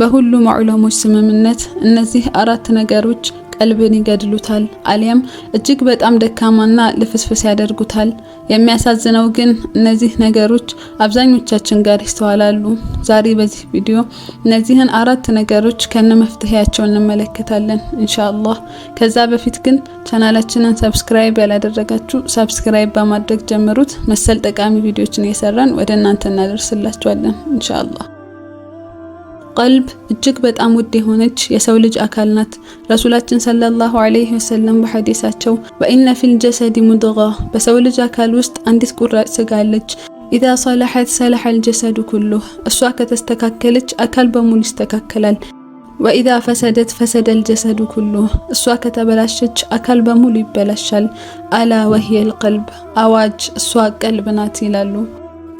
በሁሉም ዑለሞች ስምምነት እነዚህ አራት ነገሮች ቀልብን ይገድሉታል አሊያም እጅግ በጣም ደካማና ልፍስፍስ ያደርጉታል። የሚያሳዝነው ግን እነዚህ ነገሮች አብዛኞቻችን ጋር ይስተዋላሉ። ዛሬ በዚህ ቪዲዮ እነዚህን አራት ነገሮች ከነ መፍትሄያቸው እንመለከታለን ኢንሻአላህ። ከዛ በፊት ግን ቻናላችንን ሰብስክራይብ ያላደረጋችሁ ሰብስክራይብ በማድረግ ጀምሩት። መሰል ጠቃሚ ቪዲዮችን እየሰራን ወደ እናንተ እናደርስላችኋለን ኢንሻአላህ። ቀልብ እጅግ በጣም ውድ የሆነች የሰው ልጅ አካል ናት። ረሱላችን ሰለላሁ ዐለይሂ ወሰለም በሐዲሳቸው ወኢነ ፊል ጀሰዲ ሙድጋ፣ በሰው ልጅ አካል ውስጥ አንዲት ቁራጭ ስጋ አለች። ኢዛ ሰለሐት ሰለሐል ጀሰዱ ኩሉህ፣ እሷ ከተስተካከለች አካል በሙሉ ይስተካከላል። ወኢዛ ፈሰደት ፈሰደል ጀሰዱ ኩሉህ፣ እሷ ከተበላሸች አካል በሙሉ ይበላሻል። አላ ወሂየል ቀልብ፣ አዋጅ እሷ ቀልብ ናት ይላሉ።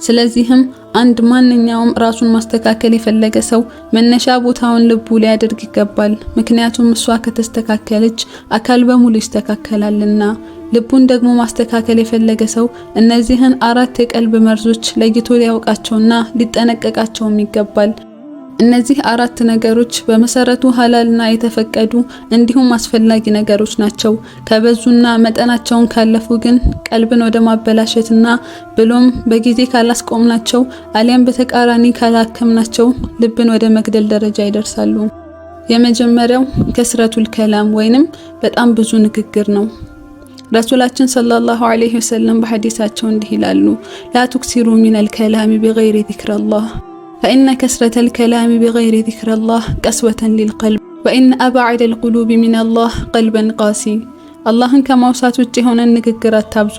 ስለዚህም አንድ ማንኛውም ራሱን ማስተካከል የፈለገ ሰው መነሻ ቦታውን ልቡ ሊያደርግ ይገባል። ምክንያቱም እሷ ከተስተካከለች አካል በሙሉ ይስተካከላልና። ልቡን ደግሞ ማስተካከል የፈለገ ሰው እነዚህን አራት የቀልብ መርዞች ለይቶ ሊያውቃቸውና ሊጠነቀቃቸውም ይገባል። እነዚህ አራት ነገሮች በመሰረቱ ሀላልና የተፈቀዱ እንዲሁም አስፈላጊ ነገሮች ናቸው። ከበዙና መጠናቸውን ካለፉ ግን ቀልብን ወደ ማበላሸትና ብሎም በጊዜ ካላስቆምናቸው አሊያም በተቃራኒ ካላከምናቸው ልብን ወደ መግደል ደረጃ ይደርሳሉ። የመጀመሪያው ከስረቱል ከላም ወይንም በጣም ብዙ ንግግር ነው። ረሱላችን ሰለላሁ ዐለይሂ ወሰለም በሐዲሳቸው እንዲህ ይላሉ ላ ቱክሲሩ ሚነል ከላሚ ቢገይሪ ዚክርላህ ፈኢነ ከስረተል ከላሚ ቢገይሪ ዚክሪላህ ቀስወተን ሊልቀልብ ወኢነ አብዐደል ቁሉቢ ሚነላህ ቀልበን ቃሲ። አላህን ከማውሳት ውጭ የሆነን ንግግር አታብዙ።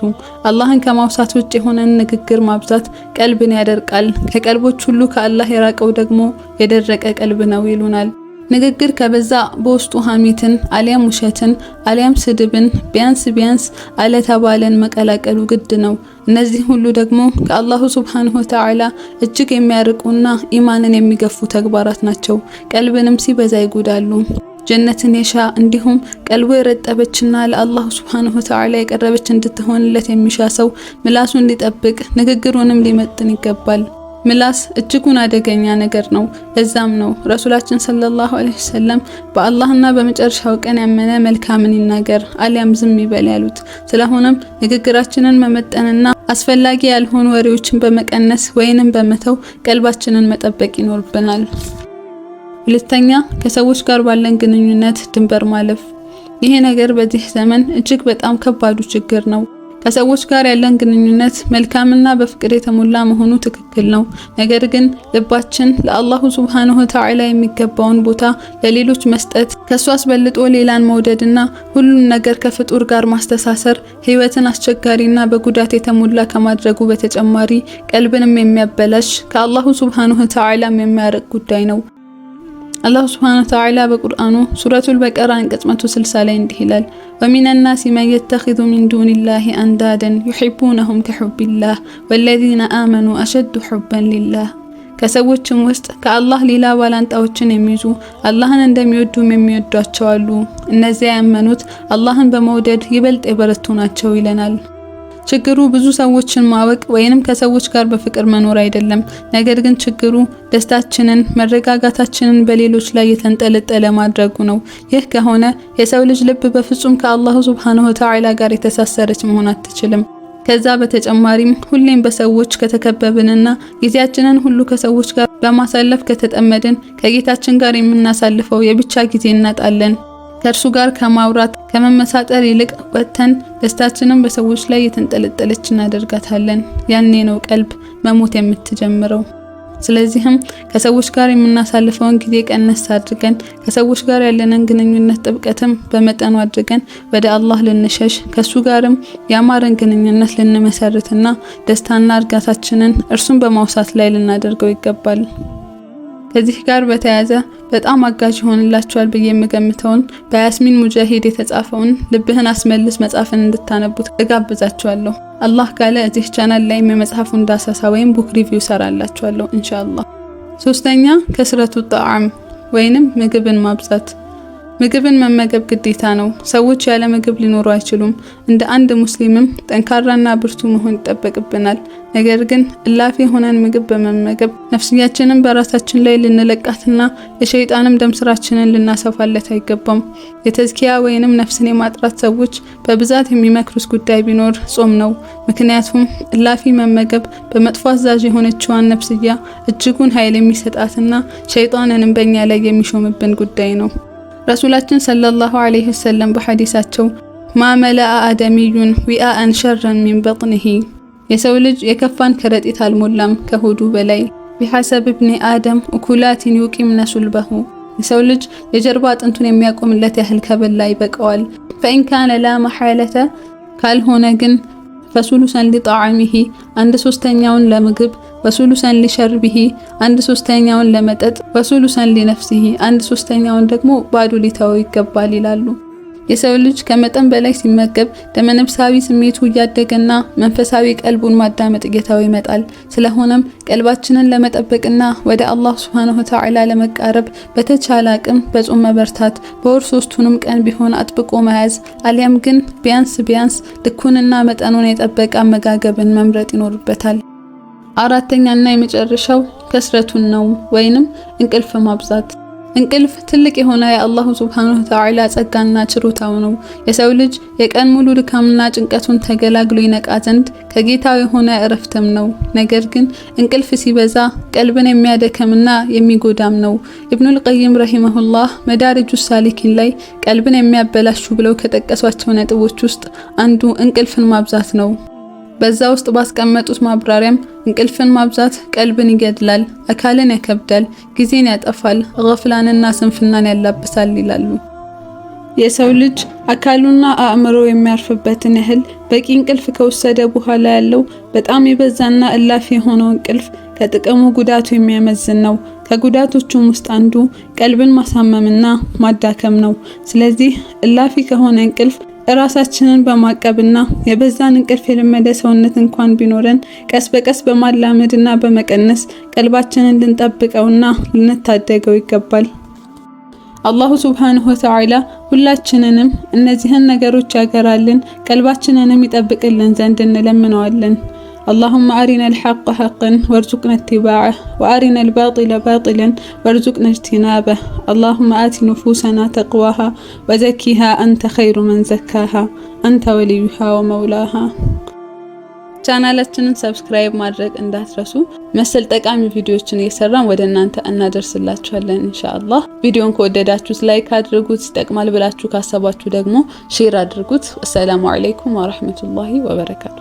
አላህን ከማውሳት ውጭ የሆነን ንግግር ማብዛት ቀልብን ያደርቃል። ከቀልቦች ሁሉ ከአላህ የራቀው ደግሞ የደረቀ ቀልብ ነው ይሉናል። ንግግር ከበዛ በውስጡ ሐሜትን አሊያም ውሸትን አሊያም ስድብን ቢያንስ ቢያንስ አለተባለን መቀላቀሉ ግድ ነው። እነዚህ ሁሉ ደግሞ ከአላሁ ሱብሓነሁ ወተዓላ እጅግ የሚያርቁና ኢማንን የሚገፉ ተግባራት ናቸው። ቀልብንም ሲበዛ ይጎዳሉ። ጀነትን የሻ እንዲሁም ቀልቡ የረጠበችና ለአላሁ ሱብሓነሁ ወተዓላ የቀረበች እንድትሆንለት የሚሻ ሰው ምላሱን ሊጠብቅ ንግግሩንም ሊመጥን ይገባል። ምላስ እጅጉን አደገኛ ነገር ነው። እዛም ነው ረሱላችን ሰለላሁ ዐለይሂ ወሰለም በአላህና በመጨረሻው ቀን ያመነ መልካምን ይናገር አሊያም ዝም ይበል ያሉት። ስለሆነም ንግግራችንን መመጠንና አስፈላጊ ያልሆኑ ወሬዎችን በመቀነስ ወይንም በመተው ቀልባችንን መጠበቅ ይኖርብናል። ሁለተኛ ከሰዎች ጋር ባለን ግንኙነት ድንበር ማለፍ። ይሄ ነገር በዚህ ዘመን እጅግ በጣም ከባዱ ችግር ነው። ከሰዎች ጋር ያለን ግንኙነት መልካምና በፍቅር የተሞላ መሆኑ ትክክል ነው። ነገር ግን ልባችን ለአላሁ ሱብሃነሁ ወተዓላ የሚገባውን ቦታ ለሌሎች መስጠት፣ ከሱ አስበልጦ ሌላን መውደድና ሁሉም ነገር ከፍጡር ጋር ማስተሳሰር ህይወትን አስቸጋሪና በጉዳት የተሞላ ከማድረጉ በተጨማሪ ቀልብንም የሚያበላሽ ከአላሁ ሱብሃነሁ ወተዓላም የሚያርቅ ጉዳይ ነው። አላሁ ስብሓነ ወተዓላ በቁርአኑ ሱረቱል በቀራ አንቀጽ 160 ላይ እንዲህ ይላል፣ ወሚነ ናሲ መን የተኪዙ ሚን ዱኒላሂ አንዳደን ዩሒቡነሁም ከሑቢላህ ወለዚነ አመኑ አሸዱ ሑበን ሊላህ። ከሰዎችም ውስጥ ከአላህ ሌላ ባላንጣዎችን የሚይዙ አላህን እንደሚወዱም የሚወዷቸው አሉ። እነዚያ ያመኑት አላህን በመውደድ ይበልጥ የበረቱ ናቸው ይለናል። ችግሩ ብዙ ሰዎችን ማወቅ ወይንም ከሰዎች ጋር በፍቅር መኖር አይደለም። ነገር ግን ችግሩ ደስታችንን፣ መረጋጋታችንን በሌሎች ላይ የተንጠለጠለ ማድረጉ ነው። ይህ ከሆነ የሰው ልጅ ልብ በፍጹም ከአላሁ ሱብሓነሁ ወተዓላ ጋር የተሳሰረች መሆን አትችልም። ከዛ በተጨማሪም ሁሌም በሰዎች ከተከበብንና ጊዜያችንን ሁሉ ከሰዎች ጋር በማሳለፍ ከተጠመድን ከጌታችን ጋር የምናሳልፈው የብቻ ጊዜ እናጣለን። ከእርሱ ጋር ከማውራት ከመመሳጠር ይልቅ ወጥተን ደስታችንን በሰዎች ላይ የተንጠለጠለች እናደርጋታለን። ያኔ ነው ቀልብ መሞት የምትጀምረው። ስለዚህም ከሰዎች ጋር የምናሳልፈውን ጊዜ ቀነስ አድርገን ከሰዎች ጋር ያለንን ግንኙነት ጥብቀትም በመጠኑ አድርገን ወደ አላህ ልንሸሽ ከሱ ጋርም የአማርን ግንኙነት ልንመሰርትና ደስታና እርጋታችንን እርሱን በማውሳት ላይ ልናደርገው ይገባል። ከዚህ ጋር በተያያዘ በጣም አጋዥ ይሆንላቸዋል ብዬ የምገምተውን በያስሚን ሙጃሂድ የተጻፈውን ልብህን አስመልስ መጽሐፍን እንድታነቡት እጋብዛችኋለሁ። አላህ ካለ እዚህ ቻናል ላይም የመጽሐፉን ዳሰሳ ወይም ቡክ ሪቪው ሰራላችኋለሁ ኢንሻአላህ። ሶስተኛ ከስረቱ ጣዕም ወይንም ምግብን ማብዛት ምግብን መመገብ ግዴታ ነው። ሰዎች ያለ ምግብ ሊኖሩ አይችሉም። እንደ አንድ ሙስሊምም ጠንካራና ብርቱ መሆን ይጠበቅብናል። ነገር ግን እላፊ የሆነን ምግብ በመመገብ ነፍስያችንን በራሳችን ላይ ልንለቃትና የሸይጣንም ደም ስራችንን ልናሰፋለት አይገባም። የተዝኪያ ወይንም ነፍስን የማጥራት ሰዎች በብዛት የሚመክሩት ጉዳይ ቢኖር ጾም ነው። ምክንያቱም እላፊ መመገብ በመጥፎ አዛዥ የሆነችዋን ነፍስያ እጅጉን ኃይል የሚሰጣትና ሸይጣንንም በኛ ላይ የሚሾምብን ጉዳይ ነው። ረሱላችን ሰለላሁ ዐለይሂ ወሰለም በሐዲሳቸው ማመለአ አደሚዩን ዊአአን ሸረን ሚን በጥንሂ የሰው ልጅ የከፋን ከረጢት አልሞላም ከሆዱ በላይ ቢሐሰብ እብኒ አደም እኩላቲን ዩቂምነ ሱልበሁ የሰው ልጅ የጀርባ አጥንቱን የሚያቆምለት ያህል ከበላ ይበቀዋል። ፈኢን ላ መሐለተ ካልሆነ ግን ፈሱሉሰን ሊጣዕሚሂ አንድ ሶስተኛውን ለምግብ፣ ወሱሉሰን ሊሸርቢሂ አንድ ሶስተኛውን ለመጠጥ፣ ወሱሉሰን ሊነፍሲሂ አንድ ሶስተኛውን ደግሞ ባዶ ሊተው ይገባል ይላሉ። የሰው ልጅ ከመጠን በላይ ሲመገብ ደመነፍሳዊ ስሜቱ እያደገና መንፈሳዊ ቀልቡን ማዳመጥ ጌታው ይመጣል። ስለሆነም ቀልባችንን ለመጠበቅና ወደ አላህ ሱብሃነሁ ወተዓላ ለመቃረብ በተቻለ አቅም በጾም መበርታት፣ በወር ሶስቱንም ቀን ቢሆን አጥብቆ መያዝ አሊያም ግን ቢያንስ ቢያንስ ልኩንና መጠኑን የጠበቀ አመጋገብን መምረጥ ይኖርበታል። አራተኛና የመጨረሻው ከስረቱን ነው ወይንም እንቅልፍ ማብዛት እንቅልፍ ትልቅ የሆነ የአላሁ ሱብሓነሁ ወተዓላ ጸጋና ችሮታው ነው። የሰው ልጅ የቀን ሙሉ ድካምና ጭንቀቱን ተገላግሎ ይነቃ ዘንድ ከጌታው የሆነ እረፍትም ነው። ነገር ግን እንቅልፍ ሲበዛ ቀልብን የሚያደከምና የሚጎዳም ነው። ኢብኑል ቀይም ረሂመሁላህ መዳሪጁ ሳሊኪን ላይ ቀልብን የሚያበላሹ ብለው ከጠቀሷቸው ነጥቦች ውስጥ አንዱ እንቅልፍን ማብዛት ነው። በዛ ውስጥ ባስቀመጡት ማብራሪያም እንቅልፍን ማብዛት ቀልብን ይገድላል፣ አካልን ያከብዳል፣ ጊዜን ያጠፋል፣ ገፍላንና ስንፍናን ያላብሳል ይላሉ። የሰው ልጅ አካሉና አእምሮ የሚያርፍበትን ያህል በቂ እንቅልፍ ከወሰደ በኋላ ያለው በጣም የበዛና እላፍ የሆነው እንቅልፍ ከጥቅሙ ጉዳቱ የሚያመዝን ነው። ከጉዳቶቹም ውስጥ አንዱ ቀልብን ማሳመምና ማዳከም ነው። ስለዚህ እላፊ ከሆነ እንቅልፍ ራሳችንን በማቀብና የበዛን እንቅልፍ የለመደ ሰውነት እንኳን ቢኖረን ቀስ በቀስ በማላመድና በመቀነስ ቀልባችንን ልንጠብቀውና ልንታደገው ይገባል። አላሁ ሱብሓነሁ ወተዓላ ሁላችንንም እነዚህን ነገሮች ያገራልን፣ ቀልባችንንም ይጠብቅልን ዘንድ እንለምነዋለን። اللهم أرنا الحق حقا وارزقنا اتباعه وأرنا الباطل باطلا وارزقنا اجتنابه اللهم آت نفوسنا تقواها وزكها أنت خير من زكاها أنت وليها ومولاها ቻናላችንን ሰብስክራይብ ማድረግ እንዳትረሱ። መሰል ጠቃሚ ቪዲዮዎችን እየሰራን ወደ እናንተ እናደርስላችኋለን እንሻአላ ቪዲዮን ከወደዳችሁት ላይክ አድርጉት፣ ይጠቅማል ብላችሁ ካሰባችሁ ደግሞ ሼር አድርጉት። አሰላሙ አለይኩም ወራህመቱላሂ ወበረካቱ